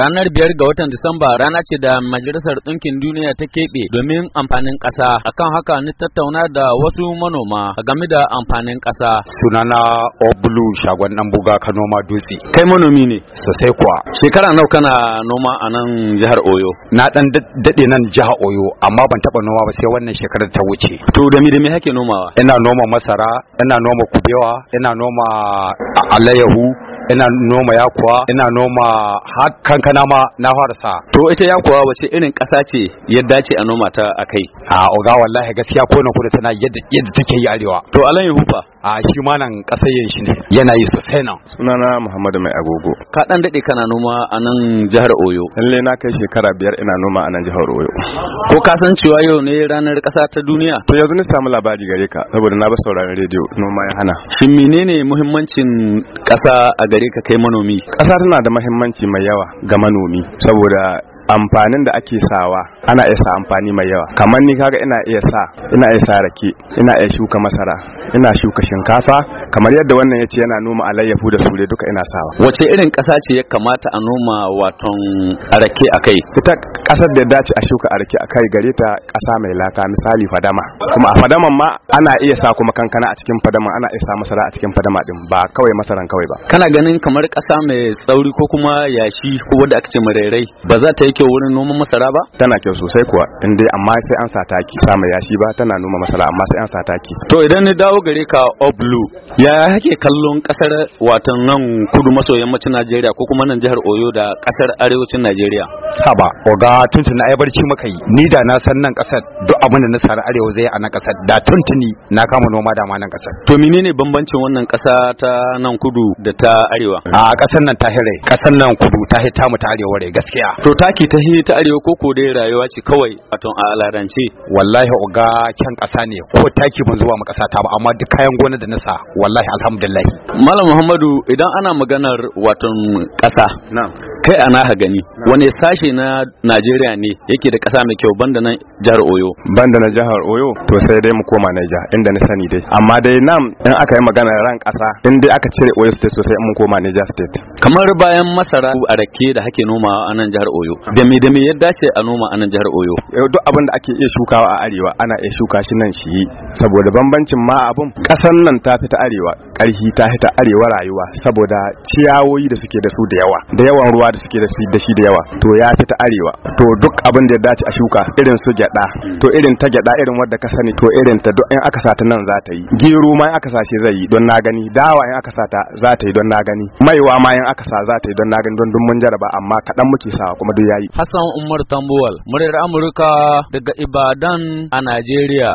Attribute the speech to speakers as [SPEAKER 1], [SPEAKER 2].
[SPEAKER 1] Ranar biyar ga watan Disamba rana ce da Majalisar Ɗinkin Duniya ta keɓe domin amfanin ƙasa. Akan haka ni tattauna da wasu manoma a game da amfanin ƙasa.
[SPEAKER 2] Sunana Oblu Shagon ɗan buga ka noma dutse. Kai manomi ne? Sosai kuwa. Shekara nawa kana noma a nan jihar Oyo? Na ɗan daɗe nan jihar Oyo amma ban taɓa noma ba sai wannan shekarar ta wuce. To da me da me hake nomawa? Ina noma masara, ina noma kubewa, ina noma alayahu, ina noma yakuwa ina noma har kankana ma na fara sa
[SPEAKER 1] to ita yakuwa wace irin ƙasa ce ya dace a noma ta a kai a
[SPEAKER 2] oga wallahi gaskiya ko na kudu tana yadda yadda take yi arewa to alan yahufa a shi ma nan ƙasar yin shi ne yana yi sosai nan
[SPEAKER 3] sunana muhammadu mai agogo
[SPEAKER 2] ka dan daɗe kana noma a nan
[SPEAKER 3] jihar oyo lalle na kai shekara biyar ina noma a nan jihar oyo ko ka san cewa yau ne ranar ƙasa ta duniya to yanzu na samu labari gare ka saboda na ba sauraron rediyo noma ya hana shin menene muhimmancin ƙasa a gare ka kai manomi ƙasa tana da mahimmanci mai yawa ga manomi saboda amfanin da ake sawa ana iya sa amfani mai yawa kamar ni kaga ina iya sa ina iya sa rake ina iya shuka masara ina shuka shinkafa kamar yadda wannan ya ce yana noma alayyafu da sule duka ina sawa
[SPEAKER 1] wace irin ƙasa ce ya kamata a noma waton rake a kai
[SPEAKER 3] ita ƙasar da dace a shuka rake a kai gare ta ƙasa mai laka misali fadama kuma a fadaman ma ana iya sa kuma kankana a cikin fadaman ana iya sa masara a cikin fadama din ba kawai masaran kawai ba
[SPEAKER 1] kana ganin kamar ƙasa mai tsauri ko kuma yashi ko wanda aka ce marairai ba za ta yi kyau wurin noman masara ba
[SPEAKER 3] tana kyau sosai kuwa in dai amma sai an sa taki sa yashi ba tana noma masara amma sai an sa taki
[SPEAKER 1] to idan ni dawo gare ka oblu ya kake kallon kasar watan nan kudu maso yammacin Najeriya ko kuma nan jihar Oyo da kasar arewacin Najeriya
[SPEAKER 2] haba oga tuntun na barci maka yi ni da na san nan kasar duk abin da na sani arewa zai a nan kasar da tuntuni na kama noma da ma nan kasar
[SPEAKER 1] to menene bambancin wannan kasa ta nan kudu da ta arewa a kasar nan ta hire kasar nan kudu ta hita mu ta arewa
[SPEAKER 2] rai gaskiya to taki ta hi ta arewa ko ko dai rayuwa ce kawai a tun a alarance wallahi oga kyan kasa ne ko taki ban zuwa makasa ta ba amma duk kayan gona da nasa wallahi alhamdulillah
[SPEAKER 1] malam muhammadu idan ana maganar watan kasa na'am kai a naha gani wani sashe na Najeriya ne yake da kasa mai kyau banda na jihar Oyo banda na
[SPEAKER 3] jihar Oyo to sai dai mu koma Niger inda ni sani dai amma dai nam in aka yi magana ran kasa. in dai aka cire Oyo state sosai mun koma Niger state
[SPEAKER 1] kamar bayan masara a rake da hake nomawa a nan jihar Oyo da me da me ya dace a noma a nan jihar Oyo eh, duk abin da ake iya shukawa a arewa
[SPEAKER 3] ana iya shuka shi nan shi saboda bambancin ma abun ƙasar nan ta fi ta arewa ƙarfi ta hita arewa rayuwa saboda ciyawoyi da suke da su da yawa da yawan ruwa da suke da da shi da yawa to ya fita arewa to duk abin da ya dace a shuka irin su gyada to irin ta gyada irin wadda ka sani to irin ta duk in aka sata nan za ta yi gero ma in aka sace zai yi don na gani dawa in aka sata za ta yi don na gani maiwa ma in aka sa za ta yi don na gani don dun mun jaraba amma kaɗan
[SPEAKER 1] muke sawa kuma duk yayi Hassan Umar Tambuwal muryar Amurka daga Ibadan a Najeriya